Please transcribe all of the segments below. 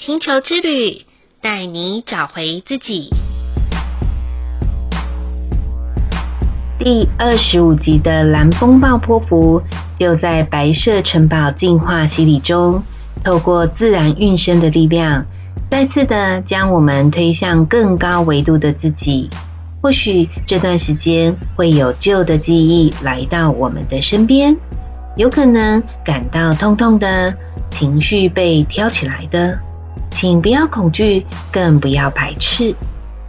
星球之旅，帶你找回自己。第二十五集的藍風暴波符，就在白色城堡淨化洗禮中，透過自然運生的力量，再次的將我們推向更高維度的自己。或許這段時間會有舊的記憶來到我們的身邊，有可能感到痛痛的，情緒被挑起來的。請不要恐懼，更不要排斥，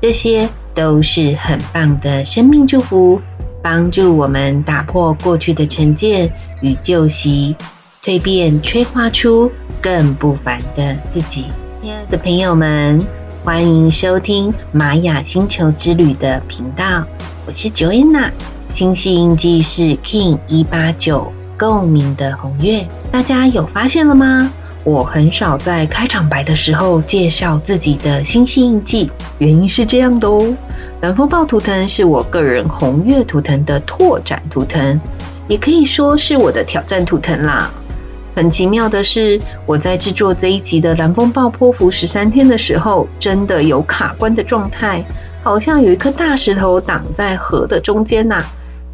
這些都是很棒的生命祝福，幫助我們打破過去的成見與舊習，蛻變催化出更不凡的自己。親愛的朋友們，歡迎收聽《瑪雅星球之旅》的頻道，我是 Joanna，星系印記是 King 一八九共鳴的紅月，大家有發現了嗎？我很少在開場白的時候介紹自己的星系印記，原因是這樣的哦。藍風暴圖騰是我個人紅月圖騰的拓展圖騰，也可以說是我的挑戰圖騰啦。很奇妙的是，我在製作這一集的藍風暴波符十三天的時候，真的有卡關的狀態，好像有一顆大石頭擋在河的中間吶、啊，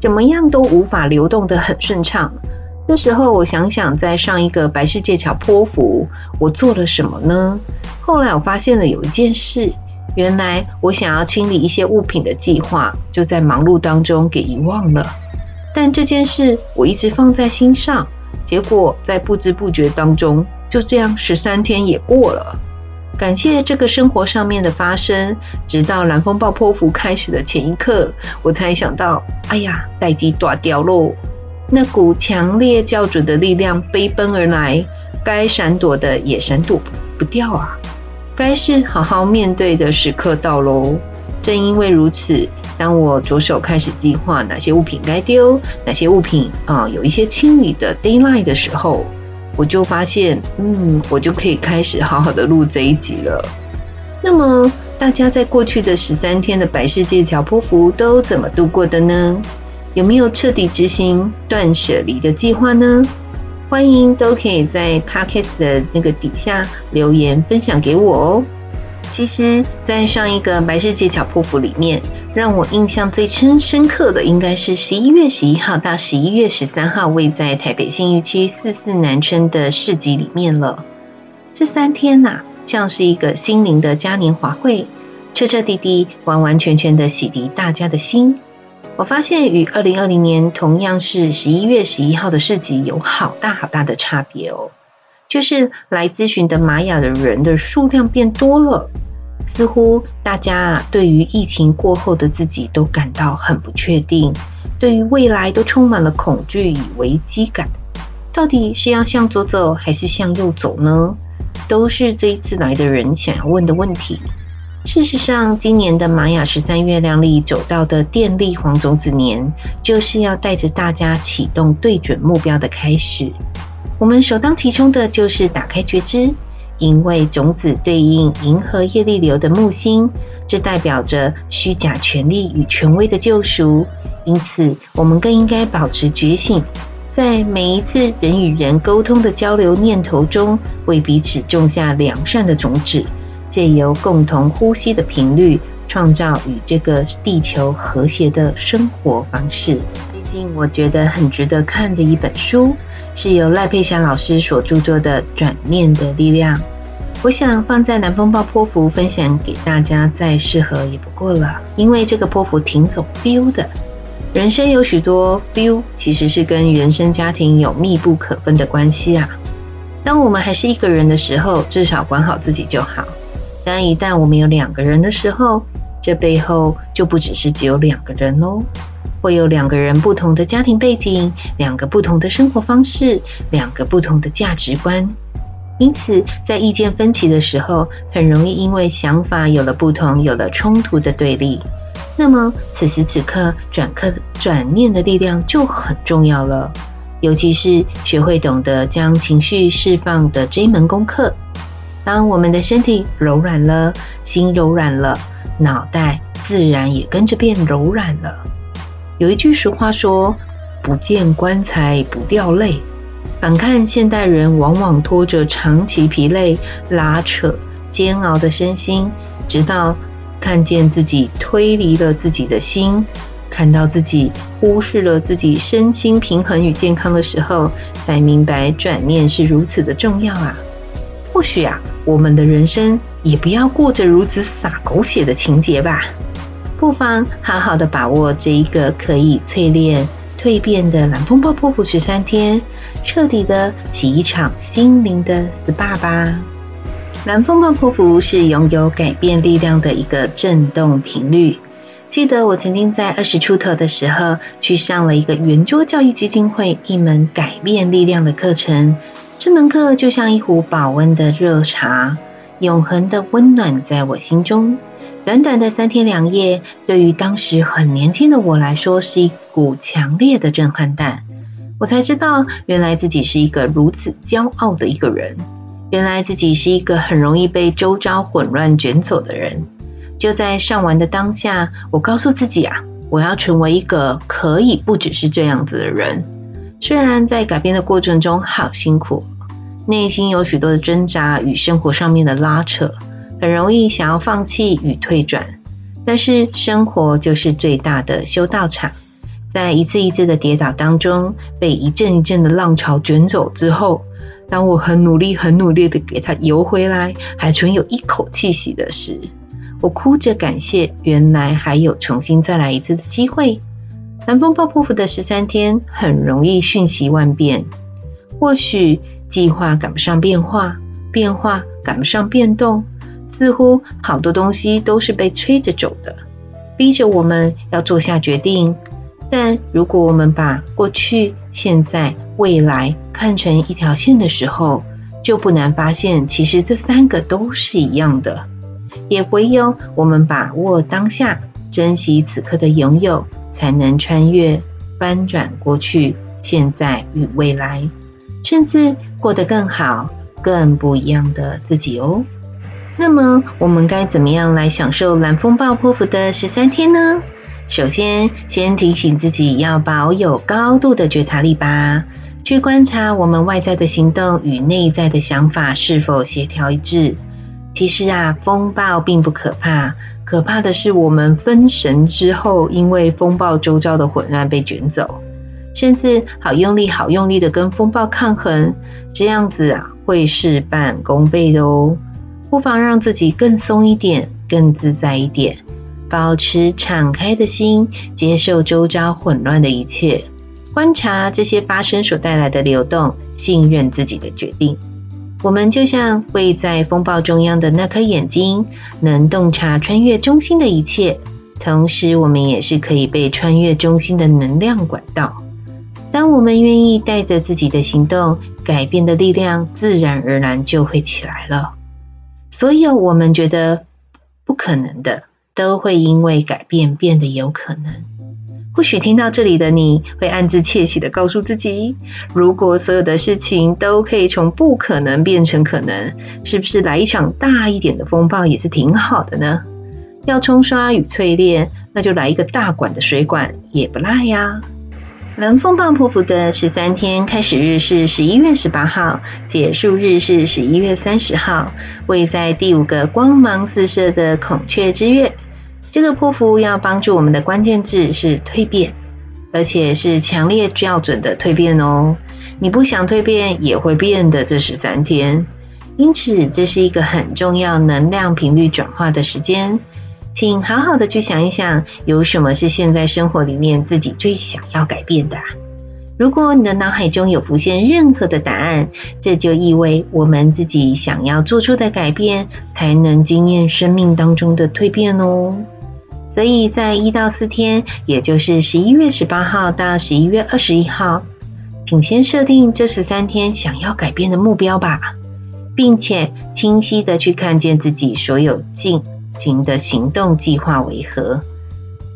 怎麼樣都無法流動得很順暢。這時候我想想，在上一個白世界橋波符，我做了什麼呢？後來我發現了有一件事，原來我想要清理一些物品的計劃，就在忙碌當中給遺忘了。但這件事我一直放在心上，結果在不知不覺當中，就這樣十三天也過了。感謝這個生活上面的發生，直到藍風暴波符開始的前一刻，我才想到，哎呀，代誌大條囉。那股強烈教主的力量飛奔而來，該閃躲的也閃躲不,不掉啊！該是好好面對的時刻到嘍。正因為如此，當我着手開始計劃哪些物品該丟，哪些物品啊、呃、有一些清理的 daylight 的時候，我就發現，嗯，我就可以開始好好的錄這一集了。那麼，大家在過去的十三天的白世界橋波符都怎麼度過的呢？有沒有徹底執行斷捨離的計劃呢？歡迎都可以在 Podcast 的那個底下留言分享給我哦。其實，在上一個白世界橋波符裡面，讓我印象最深深刻的，應該是十一月十一號到十一月十三號位在台北信義區四四南村的市集裡面了。這三天吶、啊，像是一個心靈的嘉年華會，徹徹底底、完完全全的洗滌大家的心。我發現與二零二零年同樣是十一月十一號的市集有好大好大的差別哦，就是來諮詢的瑪雅的人的數量變多了，似乎大家對於疫情過後的自己都感到很不確定，對於未來都充滿了恐懼與危機感。到底是要向左走還是向右走呢？都是這一次來的人想要問的問題。事實上，今年的瑪雅十三月亮曆走到的電力黃種子年，就是要帶着大家啟動對準目標的開始。我們首當其衝的就是打開覺知，因為種子對應銀河業力流的木星，這代表着虛假權力與權威的救贖。因此，我們更應該保持覺醒，在每一次人與人溝通的交流念頭中，為彼此種下良善的種子。借由共同呼吸的頻率，創造與這個地球和諧的生活方式。最近我覺得很值得看的一本書，是由賴佩霞老師所著作的《轉念的力量》。我想放在藍風暴波符分享給大家，再適合也不過了。因為這個波符挺懂 feel 的。人生有許多 feel，其實是跟原生家庭有密不可分的關係啊。當我們還是一個人的時候，至少管好自己就好。但一旦我們有兩個人的時候，這背後就不只是只有兩個人哦，會有兩個人不同的家庭背景，兩個不同的生活方式，兩個不同的價值觀。因此，在意見分歧的時候，很容易因為想法有了不同，有了衝突的對立。那麼，此時此刻轉刻轉念的力量就很重要了，尤其是學會懂得將情緒釋放的這一門功課。當我們的身體柔軟了，心柔軟了，腦袋自然也跟着變柔軟了。有一句俗話說：“不見棺材不掉淚。”反看現代人，往往拖着長期疲累、拉扯、煎熬的身心，直到看見自己推離了自己的心，看到自己忽視了自己身心平衡與健康的時候，才明白轉念是如此的重要啊！或許、啊，我們的人生也不要過着如此撒狗血的情節吧，不妨好好的把握這一個可以淬煉蛻變的藍風暴波符十三天，徹底的洗一場心靈的 SPA 吧。藍風暴波符是擁有改變力量的一個震動頻率。記得我曾經在二十出頭的時候，去上了一個圓桌教育基金會一門改變力量的課程。這門課就像一壺保溫的熱茶，永恆的溫暖在我心中。短短的三天兩夜，對於當時很年輕的我來說，是一股強烈的震撼彈。我才知道，原來自己是一個如此驕傲的一個人，原來自己是一個很容易被周遭混亂捲走的人。就在上完的當下，我告訴自己啊，我要成為一個可以不只是這樣子的人。雖然在改變的過程中好辛苦，內心有許多的掙扎與生活上面的拉扯，很容易想要放棄與退轉，但是生活就是最大的修道場，在一次一次的跌倒當中，被一陣一陣的浪潮捲走之後，當我很努力、很努力的給它游回來，還存有一口氣息的時，我哭着感謝，原來還有重新再來一次的機會。南風暴波符的十三天，很容易瞬息萬變。或許計劃趕不上變化，變化趕不上變動，似乎好多東西都是被吹着走的，逼着我們要做下決定。但如果我們把過去、現在、未來看成一條線的時候，就不難發現，其實這三個都是一樣的。也唯有我們把握當下，珍惜此刻的擁有。才能穿越、翻轉過去、現在與未來，甚至過得更好、更不一樣的自己哦。那麼，我們該怎麼樣來享受藍風暴波符的十三天呢？首先，先提醒自己要保有高度的覺察力吧，去觀察我們外在的行動與內在的想法是否協調一致。其實啊，風暴並不可怕。可怕的是，我們分神之後，因為風暴周遭的混亂被捲走，甚至好用力、好用力的跟風暴抗衡，這樣子啊，會事半功倍的哦。不妨讓自己更鬆一點、更自在一點，保持敞開的心，接受周遭混亂的一切，觀察這些發生所帶來的流動，信任自己的決定。我們就像位在風暴中央的那顆眼睛，能洞察穿越中心的一切。同時，我們也是可以被穿越中心的能量管道。當我們願意帶着自己的行動，改變的力量自然而然就會起來了。所有我們覺得不可能的，都會因為改變變得有可能。或許聽到這裡的你會暗自竊喜的告訴自己，如果所有的事情都可以從不可能變成可能，是不是來一場大一點的風暴也是挺好的呢？要沖刷與淬煉，那就來一個大管的水管也不賴呀。藍風暴波符的十三天，開始日是十一月十八號，結束日是十一月三十號，位在第五個光芒四射的孔雀之月。這個波符要幫助我們的關鍵字是蛻變，而且是強烈校準的蛻變哦。你不想蛻變也會變的這十三天，因此這是一個很重要能量頻率轉化的時間。請好好的去想一想，有什麼是現在生活裡面自己最想要改變的？如果你的腦海中有浮現任何的答案，這就意味我們自己想要做出的改變，才能經驗生命當中的蛻變哦。所以在一到四天，也就是十一月十八號到十一月二十一號，請先設定這十三天想要改變的目標吧，並且清晰地去看見自己所有進行的行動計劃為何。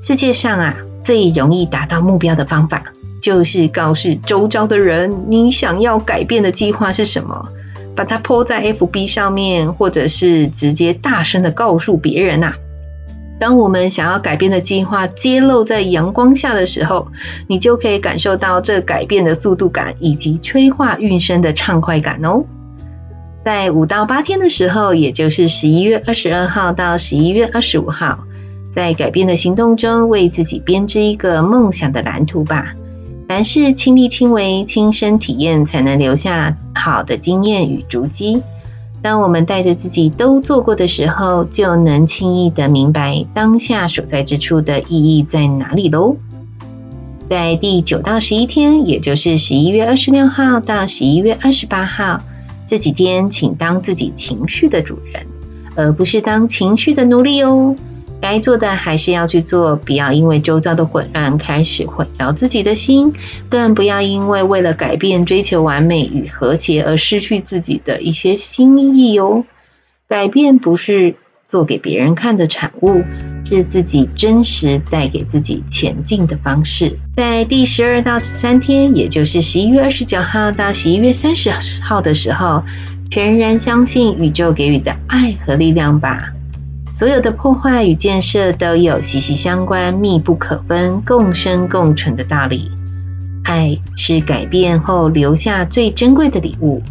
世界上啊，最容易達到目標的方法，就是告訴周遭的人你想要改變的計劃是什麼，把它 po 在 FB 上面，或者是直接大聲地告訴別人吶、啊。當我們想要改變的計劃揭露在陽光下的時候，你就可以感受到這改變的速度感以及催化運生的暢快感哦。在五到八天的時候，也就是十一月二十二號到十一月二十五號，在改變的行動中，為自己編織一個夢想的藍圖吧。凡事親力親為、親身體驗，才能留下好的經驗與足跡。當我們帶着自己都做過的時候，就能輕易的明白當下所在之處的意義在哪裡嘍。在第九到十一天，也就是十一月二十六號到十一月二十八號，這幾天，請當自己情緒的主人，而不是當情緒的奴隸哦。該做的還是要去做，不要因為周遭的混亂開始混淆自己的心，更不要因為為了改變、追求完美與和諧而失去自己的一些心意哦。改變不是做給別人看的產物，是自己真實帶給自己前進的方式。在第十二到十三天，也就是十一月二十九號到十一月三十號的時候，全然相信宇宙給予的愛和力量吧。所有的破壞與建設都有息息相關、密不可分、共生共存的道理。愛是改變後留下最珍貴的禮物，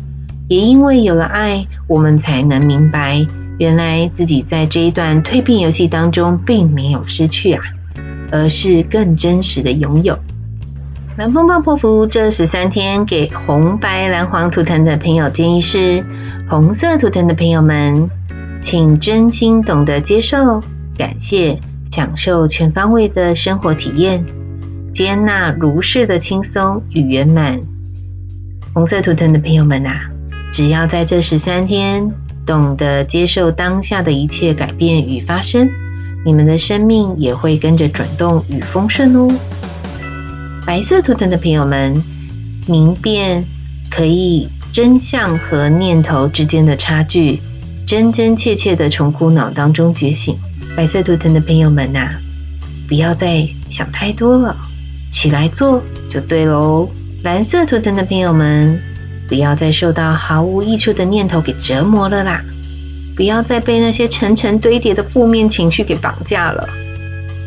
也因為有了愛，我們才能明白，原來自己在這一段蛻變遊戲當中並沒有失去啊，而是更真實的擁有。藍風暴波符這十三天給紅、白、藍、黃圖騰的朋友建議是：紅色圖騰的朋友們。請真心懂得接受、感謝、享受全方位的生活體驗，接納如是的輕鬆與圓滿。紅色圖騰的朋友們啊，只要在這十三天懂得接受當下的一切改變與發生，你們的生命也會跟着轉動與豐盛哦。白色圖騰的朋友們，明辨可以真相和念頭之間的差距。真真切切的從苦惱當中覺醒，白色圖騰的朋友們吶、啊，不要再想太多了，起來做就對嘍。藍色圖騰的朋友們，不要再受到毫無益處的念頭給折磨了啦，不要再被那些層層堆疊的負面情緒給綁架了。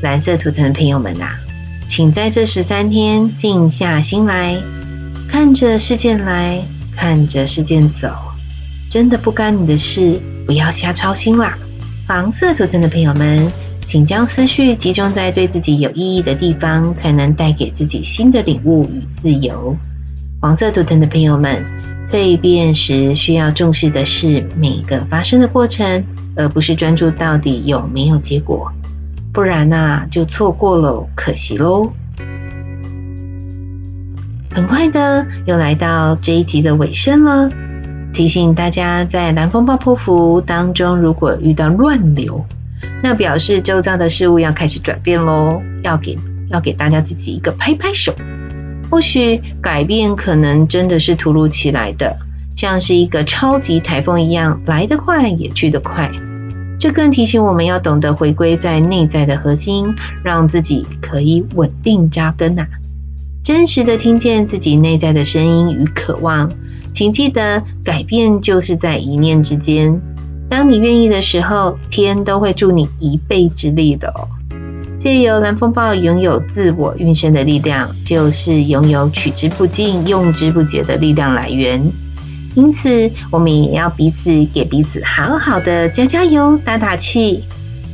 藍色圖騰的朋友們啊，請在這十三天靜下心來，看着事件來，看着事件走。真的不干你的事，不要瞎操心啦！黃色圖騰的朋友們，請將思緒集中在對自己有意義的地方，才能帶給自己新的領悟與自由。黃色圖騰的朋友們，蛻變時需要重視的是每一個發生的過程，而不是專注到底有沒有結果，不然吶、啊，就錯過了，可惜嘍！很快的，又來到這一集的尾聲了。提醒大家，在藍風暴波符當中，如果遇到亂流，那表示周遭的事物要開始轉變嘍，要給要給大家自己一個拍拍手。或許改變可能真的是突如其來的，像是一個超級台風一樣，來得快也去得快，這更提醒我們要懂得回歸在內在的核心，讓自己可以穩定扎根啊，真實的聽見自己內在的聲音與渴望。請記得，改變就是在一念之間。當你願意的時候，天都會助你一臂之力的哦。借由藍風暴擁有自我運生的力量，就是擁有取之不盡、用之不竭的力量來源。因此，我們也要彼此給彼此好好的加加油、打打氣、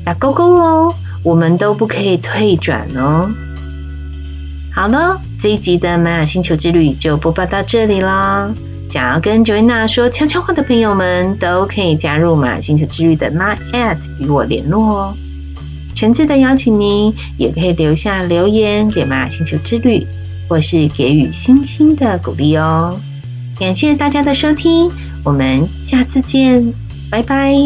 打勾勾哦。我們都不可以退轉哦。好囉，這一集的《馬雅星球之旅》就播報到這裡啦。想要跟 Joanna 說悄悄話的朋友們，都可以加入馬雅星球之旅的 LINE@ 與我聯絡哦。誠摯的邀請您，也可以留下留言給馬雅星球之旅，或是給予星星的鼓勵哦。感謝大家的收聽，我們下次見，拜拜。